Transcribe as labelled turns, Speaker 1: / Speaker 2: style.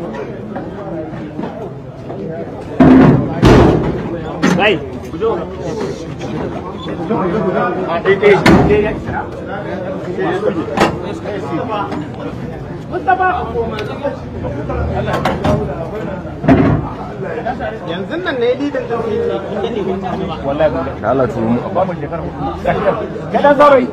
Speaker 1: Vai, yanzu
Speaker 2: nan ne lidan da ke wallahi da Allah turu mu abba kada zabai